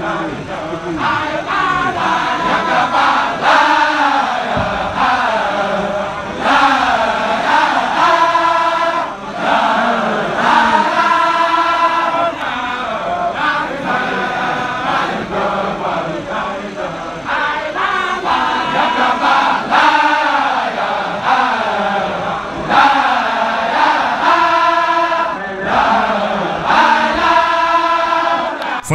Amin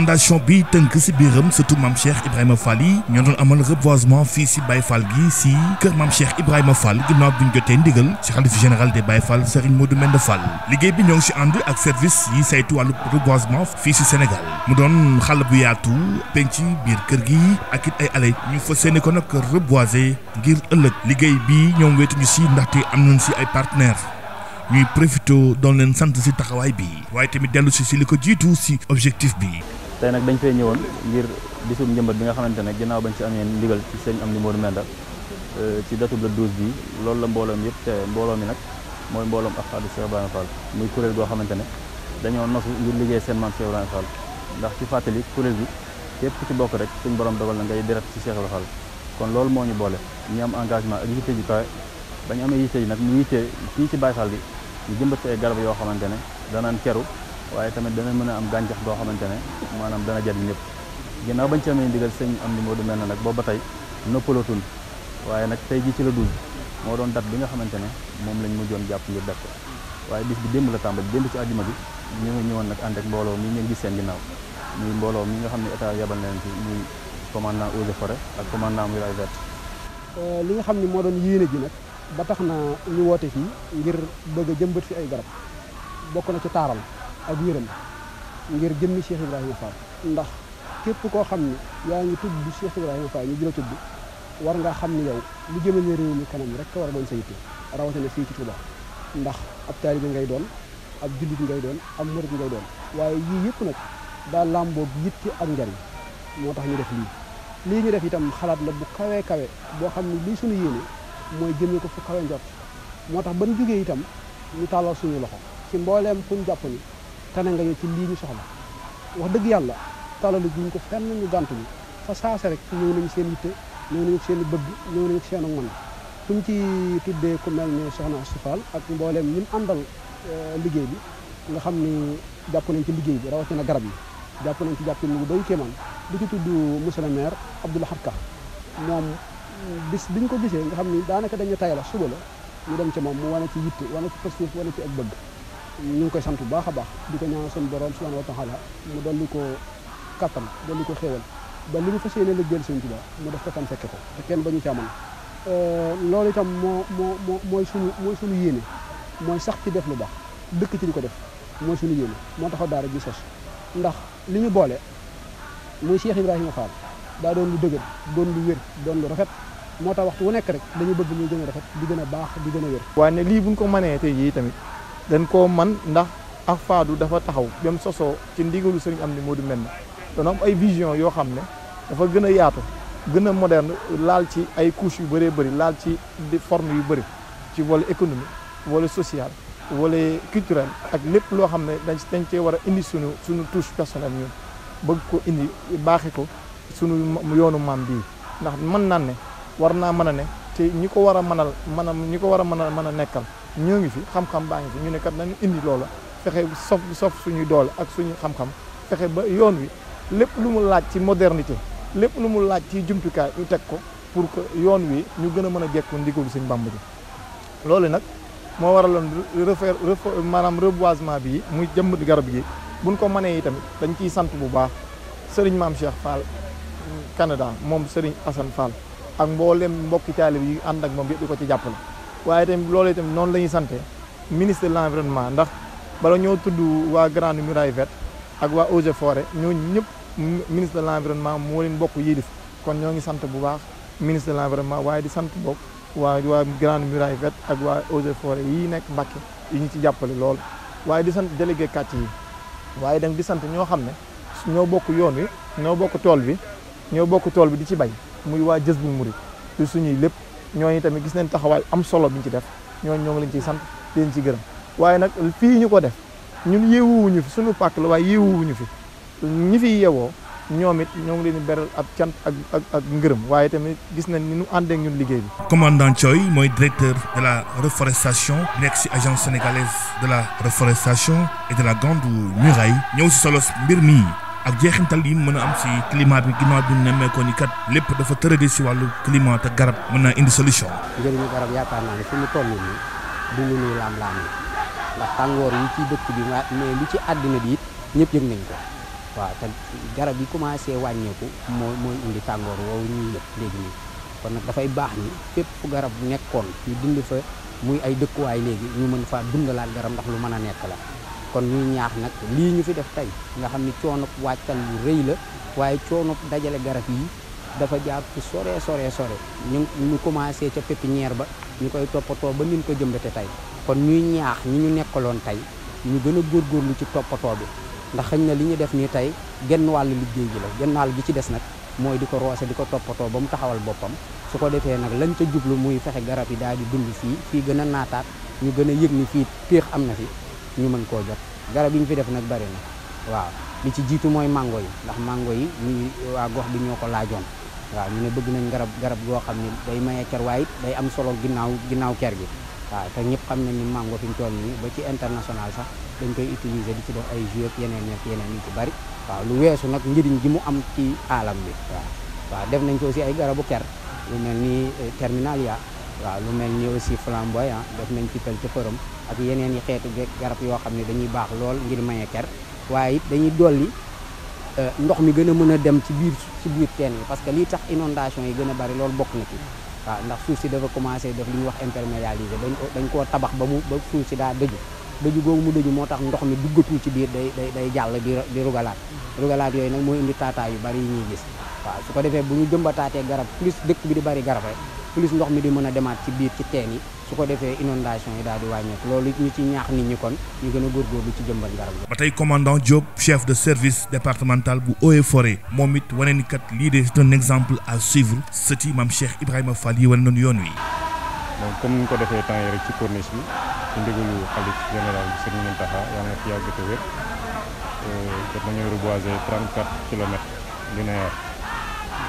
fondation bi tënk si biiram surtout maam Cheikh Ibrahima Fall yi ñoo doon amal reboisement fii si Baye Fall gi si kër maam Cheikh Ibrahima Fall ginnaaw bi ñu jotee ndigal si xalifa général des Baye Fall Serigne Modou Mende Fall liggéey bi ñoo ngi si ànd ak service yi saytu wàllu reboisement fii si Sénégal mu doon xàll bu yaatu penc biir kër gi ak it ay ale ñu fa seeni ko nag reboiser ngir ëllëg liggéey bi ñoom wetuñu si ndaxte am nañ si ay partenaires ñuy profité doon leen sant si taxawaay bi waaye tamit dellu si si li si objectif bi tey nag dañ fee ñëwoon ngir bisub njëmbat bi nga xamante ne ginnaaw bañ ci amee ndigal ci sëñ am ni Modou Mbenda euh, ci datub le 12 bi loolu la mbooloom yëpp te mbooloo mi nag mooy mbooloom ak Fadou Cheikh Ibrahima muy kuréel goo xamante ne dañoo nosu ngir liggéey seen maam Cheikh Ibrahima ndax ci fàttali kuréel gi képp ku ci bokk rek suñ borom dogal na ngay deret ci Cheikh Ibrahima kon loolu moo ñu boole ñu am engagement ak yitte ju kawe bañu amee yitte yi nag mu yitte fii ci Baye bi ñu jëmbat ci ay garab yoo xamante ne danaan keru waaye tamit dana mën a am gàncax goo xamante ne maanaam dana jariñ ñëpp ginnaaw bañ ci amee ndigal sëñ am ni moo du mel na nag booba tey noppalootuñ waaye nag tey jii ci la dul moo doon dat bi nga xamante ne moom lañ joon jàpp ngir def ko waaye bis bi démb la tàmbali démb ci àjjuma bi ñu ngi ñëwoon nag ànd ak mbooloo mi ngeen gis seen ginnaaw muy mbooloo mi nga xam ne état yabal na leen ci muy commandant eaux et forêt ak commandant wilay verte euh, li nga xam ne moo doon yéene ji ba tax na ñu woote fii ngir bëgg a jëmbat fi ay garab bokk na ci taaral ak wéram ngir jëmmi Cheikh Ibrahima Fall ndax képp koo xam ne yaa ngi tudd Cheikh Ibrahima Fall ñu jëla tudd war nga xam ne yow lu jëmale réew mi kanam rek war a doon sa yitte rawatina fii ci Touba ndax ab taalibe ngay doon ab jullit ngay doon ab murit ngay doon waaye yii yëpp nag daa làmboo yitte ak njariñ moo tax ñu def lii lii ñu def itam xalaat la bu kawe kawe boo xam ne lii suñu yéene mooy jëmee ko fu kawe njot moo tax ban jógee itam ñu tàllal suñu loxo ci mbooleem fu jàpp ni tane nga ñu ci lii ñu soxla wax dëgg yàlla talalu juñ ko fenn ñu gàntu bi fa saase rek ñëw nañu seen yitte ñëw nañu seen bëgg ñëw nañu seen ak mën kuñ ci tuddee ku mel ne soxna Asufal ak mbooleem ñun àndal euh, liggéey bi nga xam ni jàpp nañ ci liggéey bi rawatina garab yi jàpp nañ ci jàpp nañ doy kéemaan di ci tudd monsieur le maire Abdoulaye Kharka moom bis biñ ko gisee nga xam ni daanaka dañu tay la suba la ñu dem ci moom mu wane ci yitte wane ci positif wane ci ak bëgg ñu ngi koy sant bu baax a baax di ko ñaanal seen borom subhanahu wa taala mu dolli ko kattan dolli ko xéewal ba lu ñu fas yéene la jël seen Tuuba mu def ko tam fekke ko te kenn ba ñu caaman euh, loolu itam moo moo moo mooy suñu mooy suñu yéene mooy sax ci def lu baax dëkk ci di ko def mooy suñu yéene moo taxaw daara ji sos ndax li ñu boole muy Cheikh Ibrahima Fall daa doon lu dëgër doon lu wér doon lu rafet moo tax waxtu wu nekk rek dañu bëgg ñu gën a rafet di gën a baax di gën a lii buñ ko mënee tey jii tamit. dañ ko man ndax ak faadu dafa taxaw bem sosoo ci ndigalu sëriñ am ni moo di mel na dana am ay vision yoo xam ne dafa gën a yaatu gën a moderne laal ci ay couches yu bëree bari laal ci forme yu bëri ci volet économie volet social volet culturel ak lépp loo xam ne dañ dañ cee war a indi sunu suñu touche personnelle ñun bëgg ko indi baaxe ko sunu yoonu maam bii ndax mën naa ne war naa mën a ne te ñi ko war a mënal mën a ñi ko war a mën a mën a nekkal ñoo ngi fi xam-xam baa ngi fi ñu ne kat nañu indi loola fexe sof sof suñuy dool ak suñu xam-xam fexe ba yoon wi lépp lu mu laaj ci modernité lépp lu mu laaj ci jumtukaay ñu teg ko pour que yoon wi ñu gën a mën a jekku ndigalu Sëñ Bàmba ji loolu nag moo waraloon refaire maanaam reboisement bi muy jëmbat garab gi buñ ko mënee itamit dañ ciy sant bu baax sëriñ maam Cheikh Fall Canada moom sëriñ Assane Fall ak mboolem mbokki taalib yi ànd ak moom yëpp di ko ci jàppale waaye tamit loolee tamit noonu la ñuy sante ministre de l'environnement ndax bala ñoo tudd waa grande muraille ak waa eaux et ñëpp ministre de l'environnement moo leen bokk yilif kon ñoo ngi sant bu baax ministre de l'environnement waaye di sant bokk waa waa grande muraille ak waa eaux et forêt yi nekk Mbàkke yi ñu ci jàppale lool waaye di sant délégué kàcc yi waaye dang di sant ñoo xam ne ñoo bokk yoon wi ñoo bokk tool bi ñoo bokk tool bi di ci bay muy waa mu Mouride di suñuy lépp ñooñu tamit gis nañ taxawaay am solo biñ ci def ñoo ngi leen ciy sant di leen ci gërëm waaye nag fii ñu ko def ñun yeewuwuñu fi suñu pàkk la waaye yeewuwuñu fi ñu fi yeewoo ñoom it ñoo ngi leen di beral ab cant ak ak ak ngërëm waaye tamit gis nañ ni ñu àndee ak ñun liggéey bi. commandant Thioy mooy directeur de la reforestation nekk si agence sénégalaise de la reforestation et de la grande muraille ñëw ci solos mbir mii ak jeexintal yi mën a am si climat bi ginnaaw bi ñu nemmeekoo ni kat lépp dafa tëradi si wàllu climat te garab mën naa indi solution. njëriñu garab yaakaar naa ne fi mu toll nii du ñu nuy laam-laam ndax yi ci dëkk bi mais li ci àddina bi it ñëpp yëg nañ ko waaw te garab yi commencé wàññeeku moo mooy indi tàngoor woowu ñuy yëpp léegi nii kon nag dafay baax ni fépp fu garab nekkoon ñu dund fa muy ay dëkkuwaay léegi ñu mën faa laal garab ndax lu mën a nekk la. kon ñuy ñaax nag lii ñu fi def tey nga xam ni coono wàccal bu rëy la waaye coono dajale garab yi dafa jaar ci sore sore sore ñu ñu commencé ca pépinière ba ñu koy toppatoo ba nin ko jëmbate tey kon ñuy ñaax ñi ñu nekkaloon tey ñu gën a góor góorgóorlu ci toppatoo bi ndax xëñ na li ñu def nii tey genn wàll liggéey ji la genn wàll gi ci des nag mooy di ko roose di ko toppatoo ba mu taxawal boppam su ko defee nag lañ ca jublu muy fexe garab yi daal di dund fii fii gën a naataat ñu gën a yëg ni fii péex am na fi ñu mën koo jot garab yi ñu fi def nag bari na waaw li ci jiitu mooy mango yi ndax mango yi ñuy waa gox bi ñoo ko laajoon waaw ñu ne bëgg nañ garab garab goo xam ne day maye ker waaye day am solo ginnaaw ginnaaw ker gi waaw te ñëpp xam nañ ni mango fi ñu toll nii ba ci international sax dañ koy utiliser di ci def ay jus ak yeneen ak yeneen yu ci bari waaw lu weesu nag njëriñ gi mu am ci aalam bi waaw def nañ ko aussi ay garabu ker lu mel ni eh, terminalia waaw lu mel ni aussi flamboyant ah, def nañ pital ca përëm ak yeneen yi xeetu garab yoo xam ne dañuy baax lool ngir maye ker waaye it dañuy dolli euh, ndox mi gën a mën a dem ci biir ci biir teen yi parce que lii tax inondation yi gën a bari loolu bokk na ci waaw ndax suuf si dafa commencé def li ñuy wax imperméabilisé dañ dañ koo tabax ba mu ba suuf si daa dëju dëju googu mu dëju moo tax ndox mi duggatul ci biir day day day jàll di rugalaat rugalaat yooyu nag mooy indi taataa yu bari yi ñuy gis ko defee bu ñu jëmbataatee garab plus dëkk bi di bari garab rek plus ndox mi di mën a demaat ci biir ci teen yi su ko defee inondation yi daal di wàññeeku loolu ñu ci ñaax nit ñi kon ñu gën a góorgóorlu ci jëmbat garab ba tey commandant Diop chef de service départemental bu eaux et moom it wane lii de c'est un exemple à suivre sëti maam Cheikh Ibrahima Fall yi wane nañu yoon wi. donc comme ni ñu ko defee temps yi rek ci corniche bi ci ndigalu xalif général bi Serigne Mountakha yàlla na fi yàgg te wér euh, jot nañu reboiser 34 kilomètres linéaires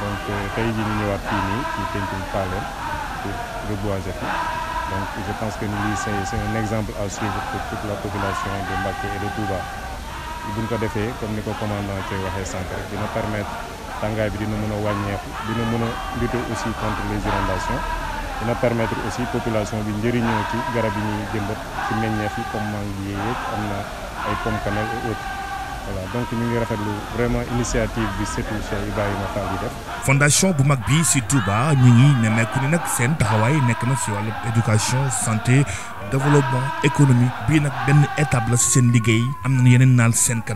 donc euh, tey jii ñu ñëwaat fii nii ci pencum Paaleen pour reboiser fi donc je pense que lii c'est c'est un exemple à suivre pour toute la population de Mbacké et de Touba. buñ ko defee comme ni ko commandant Thiel waxee sànq rek dina permettre tàngaay bi dina mën a wàññeeku dina mën a lutter aussi contre les inondations dina permettre aussi population bi njëriñoo ci garab yi ñuy jëmbat ci meññeef yi comme mangue yi yëpp am na ay pomme cannelle et autres. voilà donc ñu ngi rafetlu vraiment initiative bi surtout Cheikh Ibrahima Fall yi def. fondation bu mag bi si Touba ñu ngi nemmeeku ni nag seen taxawaay nekk na si wàllu éducation santé développement économie bii nag benn étape la si seen liggéey am na ñu yeneen naal seen kanam.